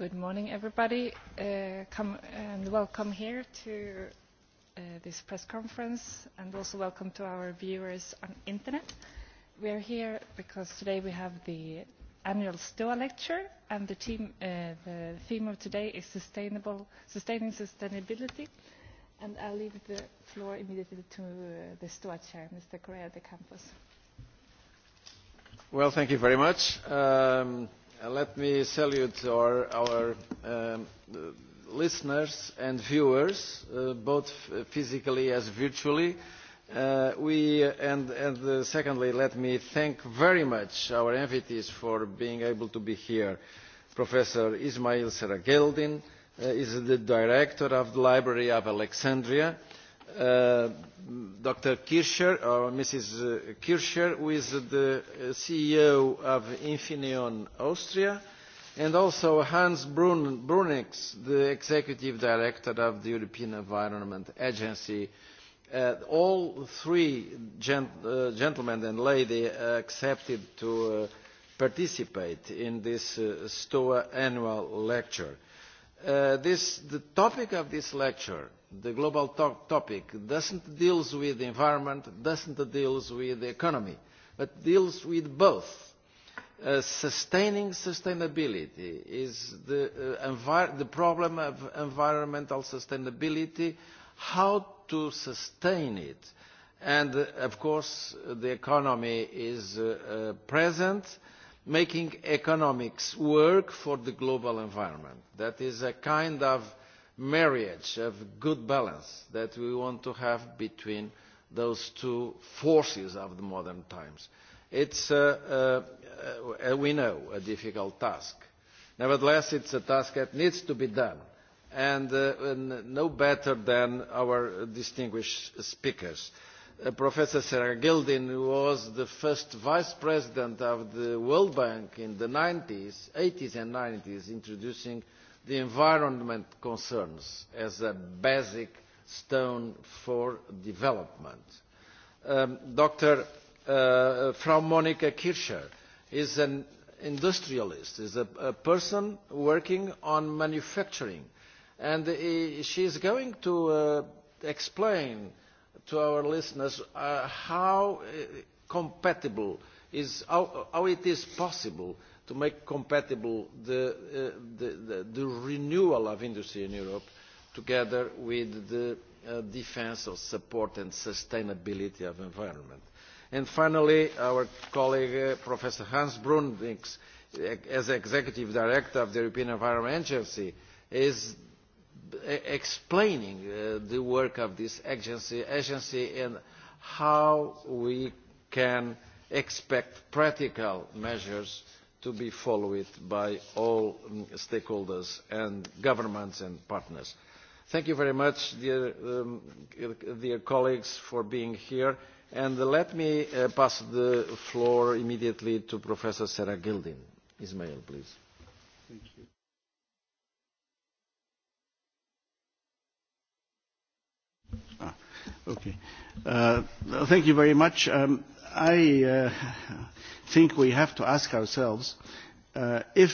Good morning, everybody. Come and welcome here to this press conference, and also welcome to our viewers on internet. We are here because today we have the annual STOA lecture, and the theme of today is sustainable, sustaining sustainability. And I'll leave the floor immediately to the STOA chair, Mr. Correa de Campos. Well, thank you very much Let me salute our listeners and viewers, both physically as virtually. And secondly, let me thank very much our entities for being able to be here. Professor Ismail Serageldin is the director of the Library of Alexandria Dr. Kircher, or Mrs. Kircher, who is the CEO of Infineon Austria, and also Hans brunix the Executive Director of the European Environment Agency. All three gentlemen and ladies accepted to participate in this STOA annual lecture. The topic of this lecture, the global topic, doesn't deal with the environment, doesn't deals with the economy, but deals with both. Sustaining sustainability is the problem of environmental sustainability, how to sustain it. And, of course, the economy is present making economics work for the global environment. That is a kind of marriage, of good balance that we want to have between those two forces of the modern times. It's, we know, a difficult task. Nevertheless, it is a task that needs to be done, and no better than our distinguished speakers. Professor Sarah Gildin, who was the first vice president of the World Bank in the 90s, 80s and 90s, introducing the environment concerns as a basic stone for development. Dr. Frau Monika Kircher is an industrialist, is a person working on manufacturing, and she is going to explain to our listeners how compatible is how it is possible to make compatible the renewal of industry in Europe together with the defence of support and sustainability of environment. And finally, our colleague Professor Hans Brundings, as Executive Director of the European Environment Agency, is explaining the work of this agency and how we can expect practical measures to be followed by all stakeholders and governments and partners. Thank you very much, dear colleagues, for being here. And let me pass the floor immediately to Professor Sarah Gildin. Ismail, please. Thank you. Okay. Thank you very much. I think we have to ask ourselves if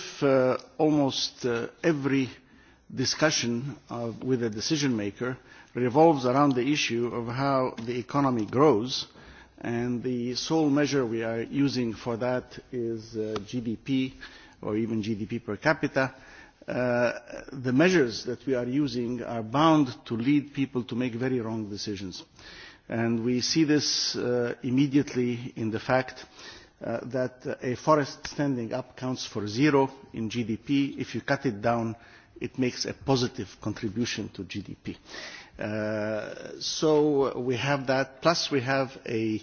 almost every discussion with a decision maker revolves around the issue of how the economy grows, and the sole measure we are using for that is GDP or even GDP per capita the measures that we are using are bound to lead people to make very wrong decisions. And we see this immediately in the fact that a forest standing up counts for zero in GDP. If you cut it down, it makes a positive contribution to GDP. So we have that, plus we have a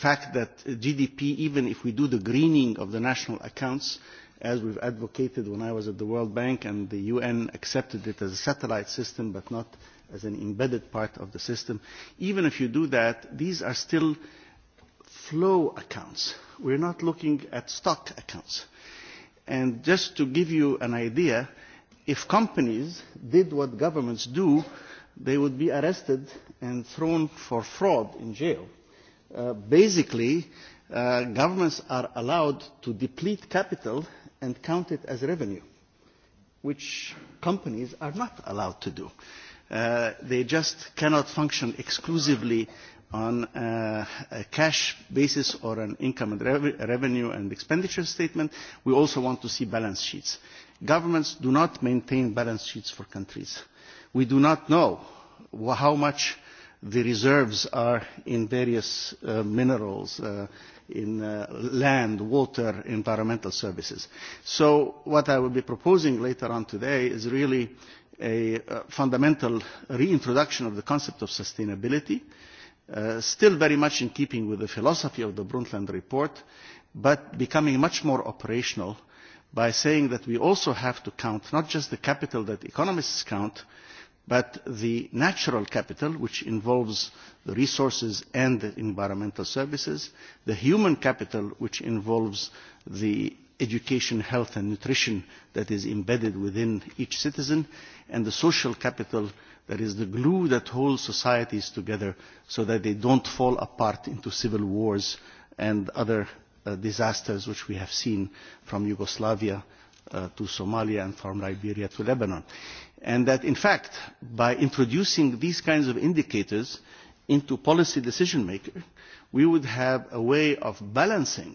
fact that GDP, even if we do the greening of the national accounts, as we've advocated when I was at the World Bank and the UN accepted it as a satellite system but not as an embedded part of the system. Even if you do that, these are still flow accounts. We're not looking at stock accounts. And just to give you an idea, if companies did what governments do, they would be arrested and thrown for fraud in jail. Basically, governments are allowed to deplete capital and count it as revenue, which companies are not allowed to do. They just cannot function exclusively on a cash basis or an income and revenue and expenditure statement. We also want to see balance sheets. Governments do not maintain balance sheets for countries. We do not know how much the reserves are in various minerals in land, water, environmental services. So what I will be proposing later on today is really a fundamental reintroduction of the concept of sustainability, still very much in keeping with the philosophy of the Brundtland Report, but becoming much more operational by saying that we also have to count not just the capital that economists count, But the natural capital, which involves the resources and environmental services, the human capital, which involves the education, health and nutrition that is embedded within each citizen, and the social capital that is the glue that holds societies together so that they do not fall apart into civil wars and other disasters which we have seen from Yugoslavia to Somalia and from Liberia to Lebanon and that in fact by introducing these kinds of indicators into policy decision making we would have a way of balancing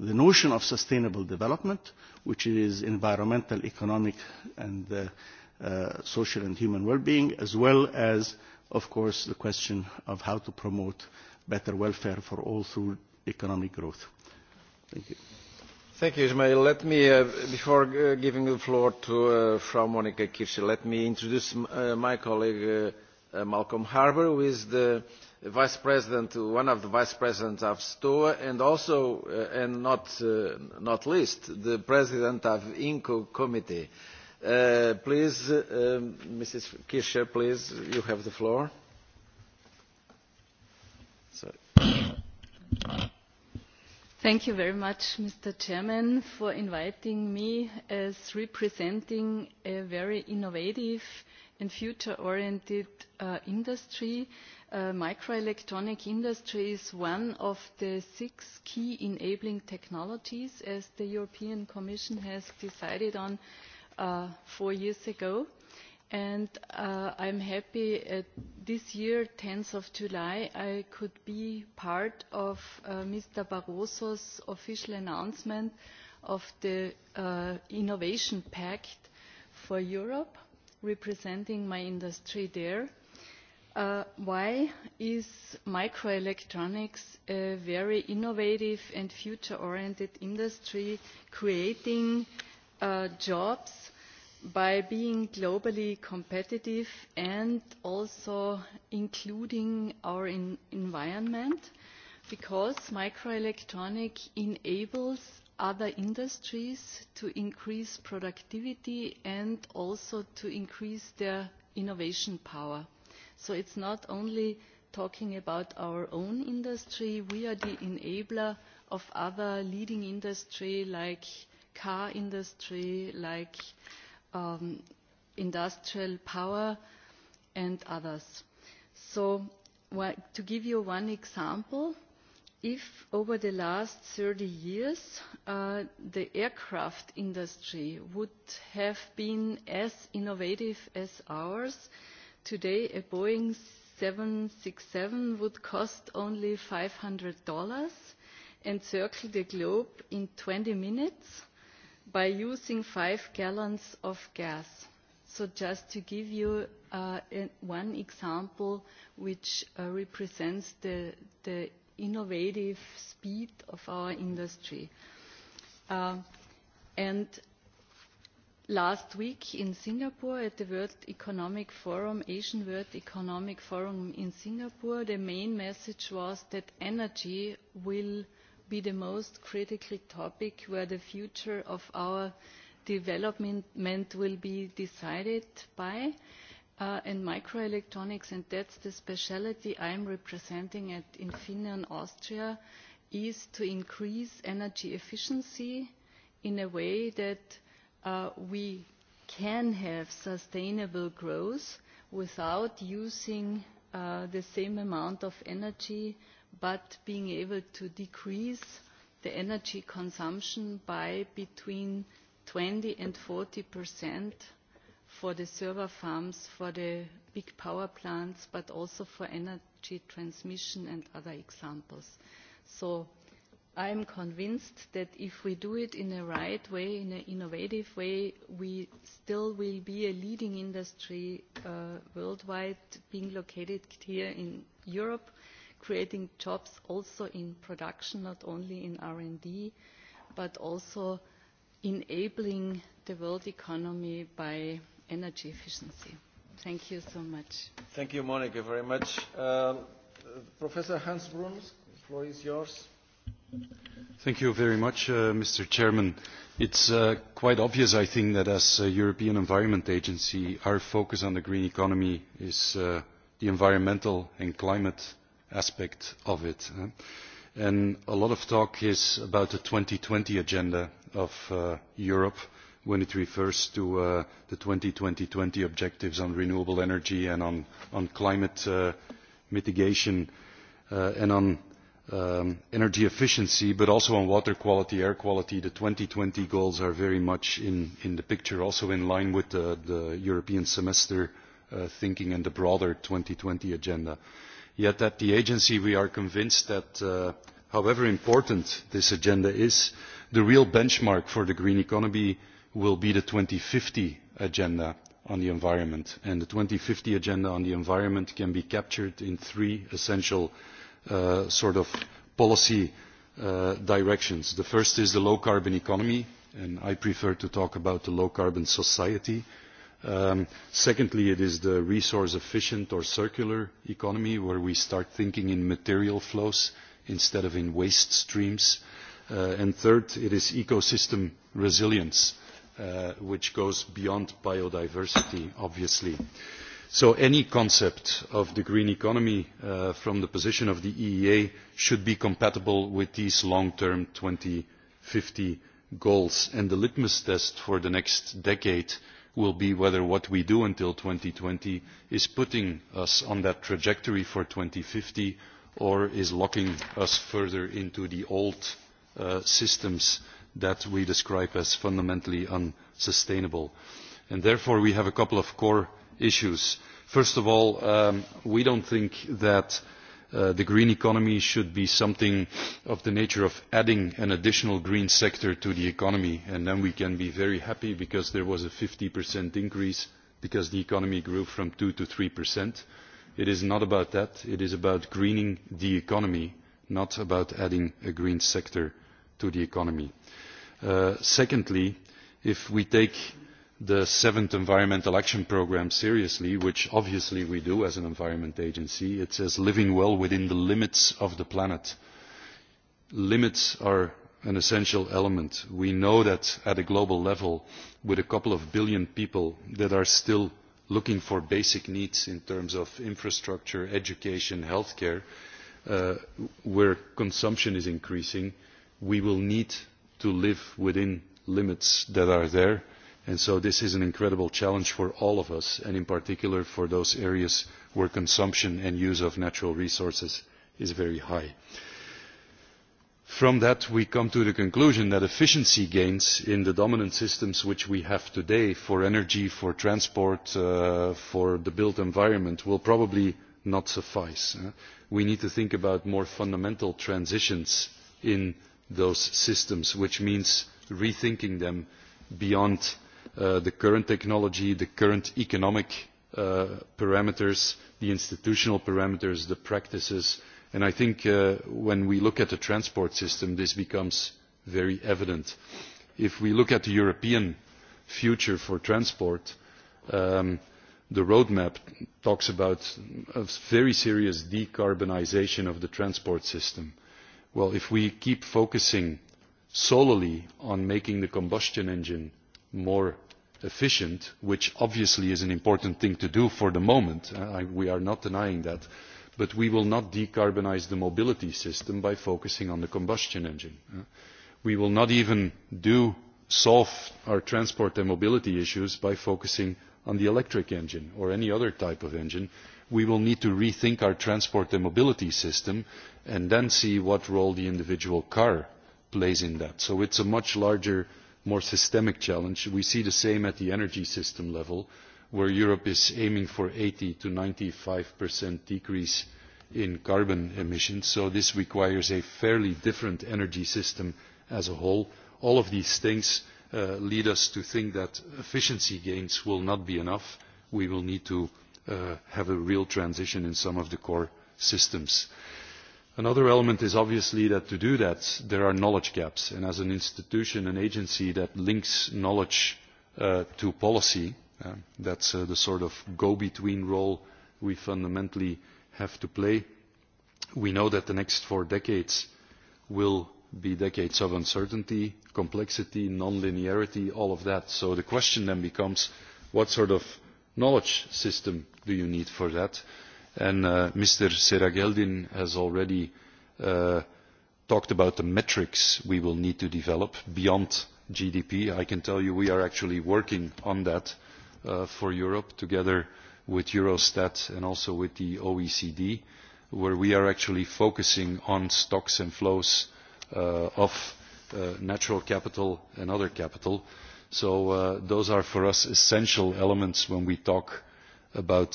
the notion of sustainable development which is environmental economic and social and human well-being as well as of course the question of how to promote better welfare for all through economic growth thank you Thank you, Ismail. Let me, before giving the floor to Frau Monika Kirsch, let me introduce my colleague Malcolm Harbour, who is the vice president, one of the vice presidents of STOA, and also, and not least, the president of INCO committee. Please, Mrs. Kirsch, please, you have the floor. Thank you very much, Mr. Chairman, for inviting me as representing a very innovative and future-oriented industry. Microelectronic industry is one of the six key enabling technologies, as the European Commission has decided on four years ago and I'm happy that this year, 10th of July, I could be part of Mr. Barroso's official announcement of the Innovation Pact for Europe, representing my industry there. Why is microelectronics a very innovative and future-oriented industry creating jobs by being globally competitive and also including our environment because microelectronics enables other industries to increase productivity and also to increase their innovation power. So it's not only talking about our own industry, we are the enabler of other leading industry like car industry, like industrial power and others. So to give you one example, if over the last 30 years the aircraft industry would have been as innovative as ours, today a Boeing 767 would cost only $500 and circle the globe in 20 minutes by using five gallons of gas. So just to give you one example which represents the innovative speed of our industry. And last week in Singapore at the World Economic Forum, Asian World Economic Forum in Singapore, the main message was that energy will be the most critical topic where the future of our development will be decided by and microelectronics and that's the speciality I'm representing at Infineon Austria is to increase energy efficiency in a way that we can have sustainable growth without using the same amount of energy but being able to decrease the energy consumption by between 20 and 40 for the server farms, for the big power plants, but also for energy transmission and other examples. So I am convinced that if we do it in the right way, in an innovative way, we still will be a leading industry worldwide, being located here in Europe creating jobs also in production, not only in RD, but also enabling the world economy by energy efficiency. Thank you so much. Thank you, Monica, very much. Professor Hans Bruns, the floor is yours. Thank you very much, Mr. Chairman. It's quite obvious, I think, that as a European Environment Agency, our focus on the green economy is the environmental and climate aspect of it. And a lot of talk is about the 2020 agenda of Europe when it refers to the 2020 objectives on renewable energy and on climate mitigation and on energy efficiency, but also on water quality, air quality. The 2020 goals are very much in the picture, also in line with the European semester thinking and the broader 2020 agenda yet at the agency we are convinced that however important this agenda is the real benchmark for the green economy will be the 2050 agenda on the environment and the 2050 agenda on the environment can be captured in three essential sort of policy directions the first is the low carbon economy and i prefer to talk about the low carbon society Secondly, it is the resource efficient or circular economy where we start thinking in material flows instead of in waste streams. And third, it is ecosystem resilience, which goes beyond biodiversity, obviously. So any concept of the green economy from the position of the EEA should be compatible with these long-term 2050 goals. And the litmus test for the next decade will be whether what we do until 2020 is putting us on that trajectory for 2050 or is locking us further into the old systems that we describe as fundamentally unsustainable. And therefore we have a couple of core issues. First of all, we do not think that the green economy should be something of the nature of adding an additional green sector to the economy and then we can be very happy because there was a 50% increase because the economy grew from 2 to 3%. It is not about that. It is about greening the economy, not about adding a green sector to the economy. Secondly, if we take the seventh environmental action programme seriously which obviously we do as an environment agency it says living well within the limits of the planet limits are an essential element we know that at a global level with a couple of billion people that are still looking for basic needs in terms of infrastructure education healthcare where consumption is increasing we will need to live within limits that are there And so this is an incredible challenge for all of us, and in particular for those areas where consumption and use of natural resources is very high. From that, we come to the conclusion that efficiency gains in the dominant systems which we have today for energy, for transport, for the built environment will probably not suffice. We need to think about more fundamental transitions in those systems, which means rethinking them beyond the current technology, the current economic parameters, the institutional parameters, the practices. And I think when we look at the transport system, this becomes very evident. If we look at the European future for transport, the roadmap talks about a very serious decarbonisation of the transport system. Well, if we keep focusing solely on making the combustion engine more efficient, which obviously is an important thing to do for the moment. We are not denying that. But we will not decarbonise the mobility system by focusing on the combustion engine. We will not even solve our transport and mobility issues by focusing on the electric engine or any other type of engine. We will need to rethink our transport and mobility system and then see what role the individual car plays in that. So is a much larger more systemic challenge. We see the same at the energy system level, where Europe is aiming for 80 to 95% decrease in carbon emissions. So this requires a fairly different energy system as a whole. All of these things lead us to think that efficiency gains will not be enough. We will need to have a real transition in some of the core systems. Another element is obviously that to do that there are knowledge gaps and as an institution, an agency that links knowledge to policy, that's the sort of go-between role we fundamentally have to play. We know that the next four decades will be decades of uncertainty, complexity, non-linearity, all of that. So the question then becomes what sort of knowledge system do you need for that? and Mr. Serageldin has already talked about the metrics we will need to develop beyond GDP. I can tell you we are actually working on that for Europe together with Eurostat and also with the OECD, where we are actually focusing on stocks and flows of natural capital and other capital. So those are for us essential elements when we talk about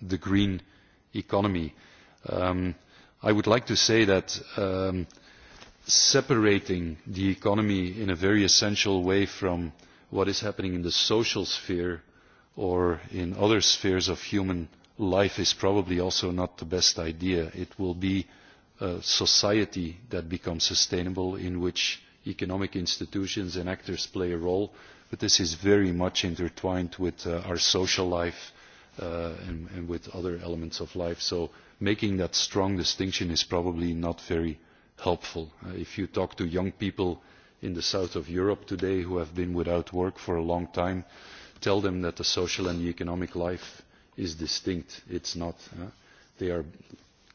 the green economy. I would like to say that separating the economy in a very essential way from what is happening in the social sphere or in other spheres of human life is probably also not the best idea. It will be a society that becomes sustainable in which economic institutions and actors play a role, but this is very much intertwined with our social life and with other elements of life. So making that strong distinction is probably not very helpful. If you talk to young people in the south of Europe today who have been without work for a long time, tell them that the social and the economic life is distinct. It's not. They are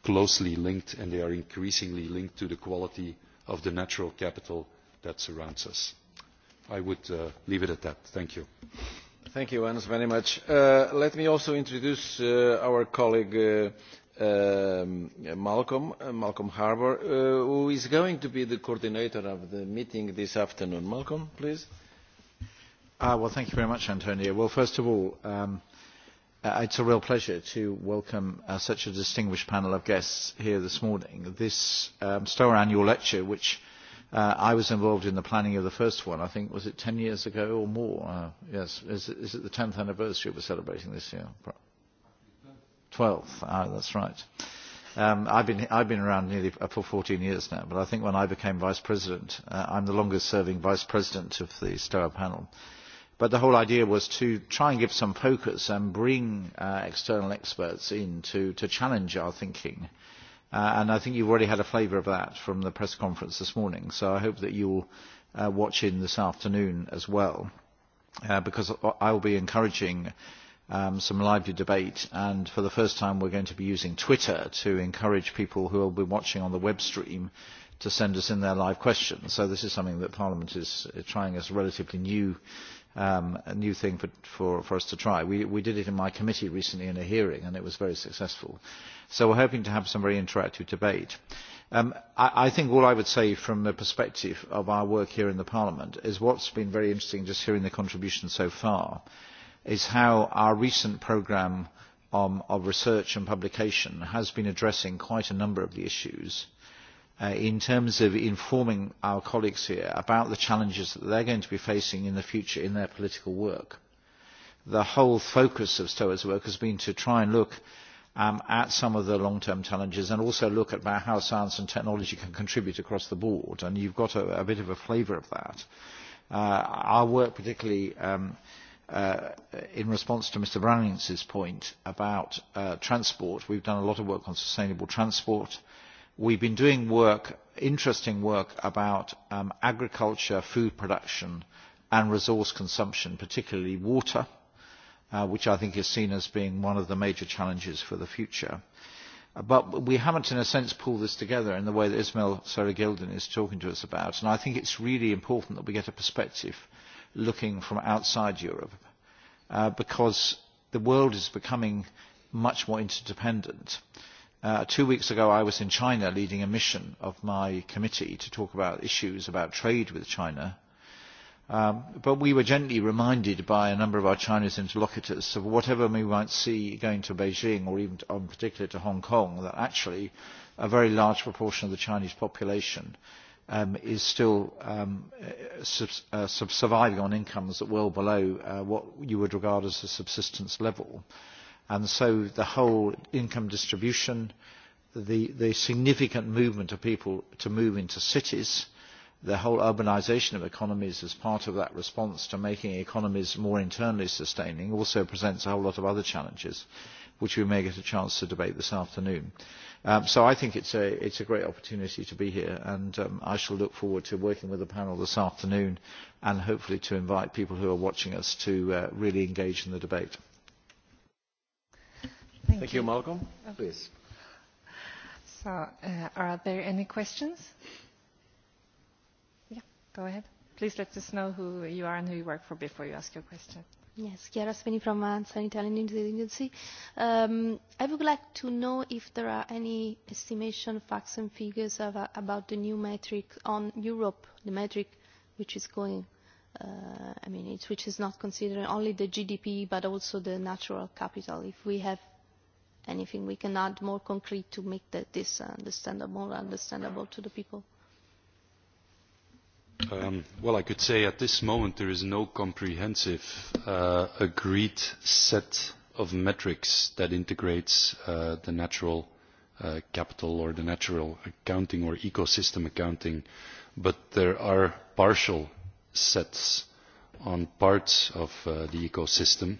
closely linked and they are increasingly linked to the quality of the natural capital that surrounds us. I would leave it at that. Thank you. Thank you, once very much. Let me also introduce our colleague Malcolm, Malcolm Harbour, who is going to be the coordinator of the meeting this afternoon. Malcolm, please. Well, thank you very much, Antonio. Well, first of all, it's a real pleasure to welcome such a distinguished panel of guests here this morning. This STOA annual lecture, which I was involved in the planning of the first one, I think, was it 10 years ago or more? Yes. Is it the 10th anniversary we're celebrating this year? 12th. That's right. I've been I've been around nearly for 14 years now, but I think when I became vice president, I'm the longest-serving vice president of the STOA panel. But the whole idea was to try and give some focus and bring external experts in to to challenge our thinking And I think you've already had a flavour of that from the press conference this morning. So I hope that you'll watch in this afternoon as well, because I will be encouraging some lively debate. And for the first time, we're going to be using Twitter to encourage people who will be watching on the web stream to send us in their live questions. So this is something that Parliament is trying as a relatively new a new thing for for us to try. We did it in my committee recently in a hearing and it was very successful. So we're hoping to have some very interactive debate. I think all I would say from the perspective of our work here in the Parliament is what's been very interesting just hearing the contribution so far is how our recent programme of research and publication has been addressing quite a number of the issues in terms of informing our colleagues here about the challenges that they're going to be facing in the future in their political work. The whole focus of STOA's work has been to try and look at some of the long-term challenges and also look at how science and technology can contribute across the board. And you've got a bit of a flavour of that. Our work particularly in response to Mr. Brownings' point about transport, we've done a lot of work on sustainable transport We've been doing work, interesting work about agriculture, food production and resource consumption, particularly water, which I think is seen as being one of the major challenges for the future. But we haven't, in a sense, pulled this together in the way that Ismail Saragildin is talking to us about. And I think it's really important that we get a perspective looking from outside Europe, because the world is becoming much more interdependent. Two weeks ago I was in China leading a mission of my committee to talk about issues about trade with China, but we were gently reminded by a number of our Chinese interlocutors of whatever we might see going to Beijing or even in particular to Hong Kong, that actually a very large proportion of the Chinese population is still surviving on incomes that well below what you would regard as a subsistence level and so the whole income distribution, the significant movement of people to move into cities, the whole urbanisation of economies as part of that response to making economies more internally sustaining also presents a whole lot of other challenges, which we may get a chance to debate this afternoon. So I think it's a great opportunity to be here, and I shall look forward to working with the panel this afternoon and hopefully to invite people who are watching us to really engage in the debate. Thank you, Malcolm. Please. So, are there any questions? Yeah, go ahead. Please let us know who you are and who you work for before you ask your question. Yes, Chiara Sveni from an Italian agency. Um, I would like to know if there are any estimation, facts and figures about the new metric on Europe, the metric which is going I mean, which is not considering only the GDP but also the natural capital. If we have anything we can add more concrete to make this understandable, more understandable to the people? Well, I could say at this moment there is no comprehensive agreed set of metrics that integrates the natural capital or the natural accounting or ecosystem accounting, but there are partial sets on parts of the ecosystem.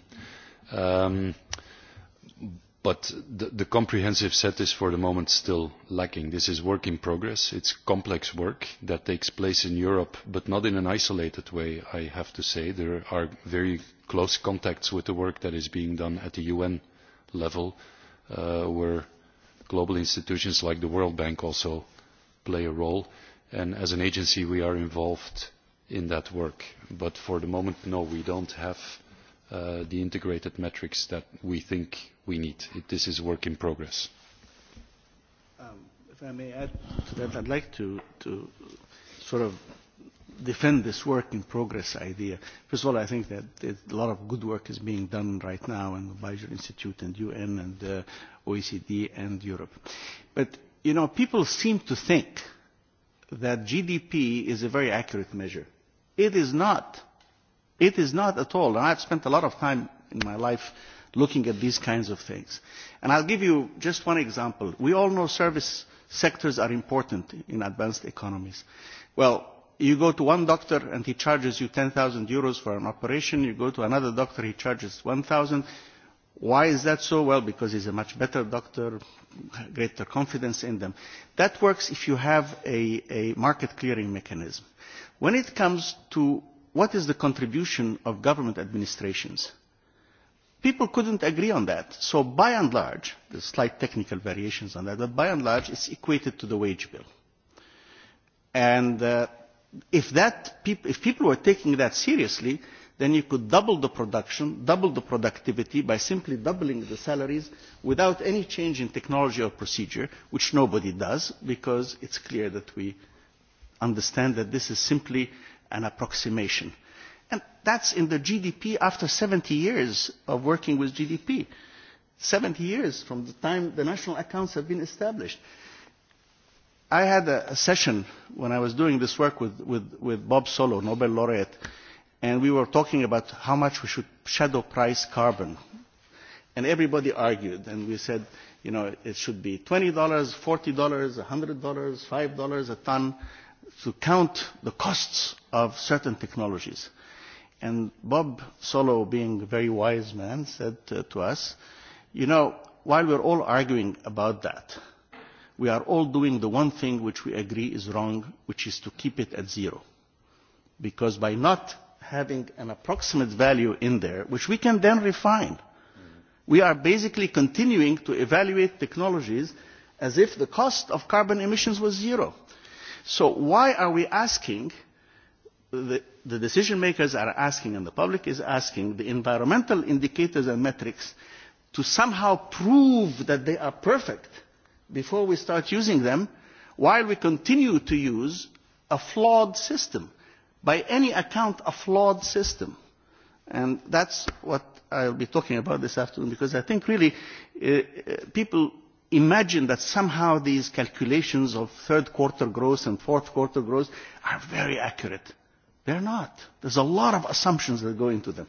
But the comprehensive set is for the moment still lacking. This is work in progress. It's complex work that takes place in Europe, but not in an isolated way, I have to say. There are very close contacts with the work that is being done at the UN level, where global institutions like the World Bank also play a role. And as an agency, we are involved in that work. But for the moment, no, we don't have the integrated metrics that we think we need. This is work in progress. If I may add to that, I'd like to sort of defend this work in progress idea. First of all, I think that a lot of good work is being done right now in the Bajor Institute and UN and OECD and Europe. But, you know, people seem to think that GDP is a very accurate measure. It is not. It is not at all. And I've spent a lot of time in my life looking at these kinds of things. And I'll give you just one example. We all know service sectors are important in advanced economies. Well, you go to one doctor and he charges you 10,000 euros for an operation. You go to another doctor, he charges 1,000. Why is that so? Well, because he's a much better doctor, greater confidence in them. That works if you have a market clearing mechanism. When it comes to what is the contribution of government administrations? People couldn't agree on that. So by and large, there's slight technical variations on that, but by and large, it's equated to the wage bill. And if that if people were taking that seriously, then you could double the production, double the productivity by simply doubling the salaries without any change in technology or procedure, which nobody does because it's clear that we understand that this is simply an approximation. And that's in the GDP after 70 years of working with GDP. 70 years from the time the national accounts have been established. I had a session when I was doing this work with, with, with Bob Solo, Nobel laureate, and we were talking about how much we should shadow price carbon. And everybody argued, and we said, you know, it should be $20, $40, $100, $5 a ton to count the costs of certain technologies. And Bob Solow, being a very wise man, said to us, you know, while we're all arguing about that, we are all doing the one thing which we agree is wrong, which is to keep it at zero. Because by not having an approximate value in there, which we can then refine, we are basically continuing to evaluate technologies as if the cost of carbon emissions was zero. So why are we asking, the decision makers are asking and the public is asking the environmental indicators and metrics to somehow prove that they are perfect before we start using them while we continue to use a flawed system, by any account a flawed system. And that's what I'll be talking about this afternoon because I think really people imagine that somehow these calculations of third quarter growth and fourth quarter growth are very accurate. They're not. There's a lot of assumptions that go into them.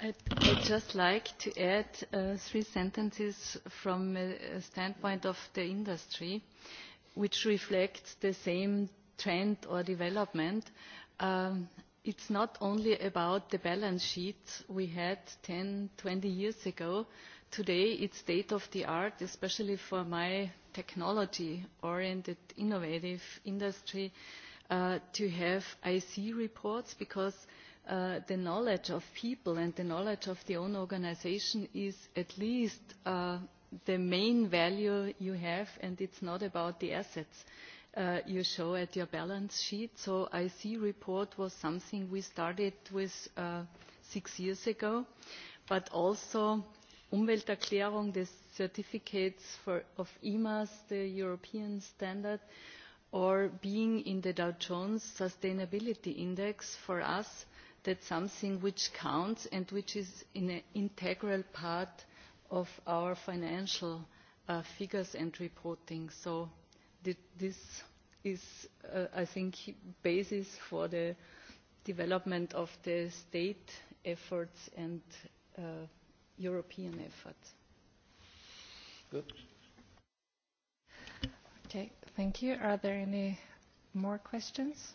I'd just like to add three sentences from a standpoint of the industry, which reflects the same trend or development it's not only about the balance sheet we had 10, 20 years ago. Today it's state of the art, especially for my technology-oriented, innovative industry, to have IC reports because the knowledge of people and the knowledge of the own organisation is at least the main value you have and it's not about the assets you show at your balance sheet. So IC report was something we started with six years ago, but also Umwelterklärung, the certificates of EMAS, the European standard, or being in the Dow Jones Sustainability Index, for us, that's something which counts and which is an integral part of our financial figures and reporting. So this is, I think, basis for the development of the state efforts and European efforts. Good. Okay, thank you. Are there any more questions?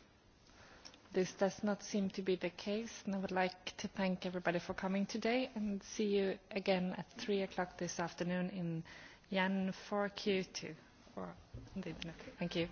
This does not seem to be the case, and I would like to thank everybody for coming today and see you again at three o'clock this afternoon in Jan 4Q2 for Thank you.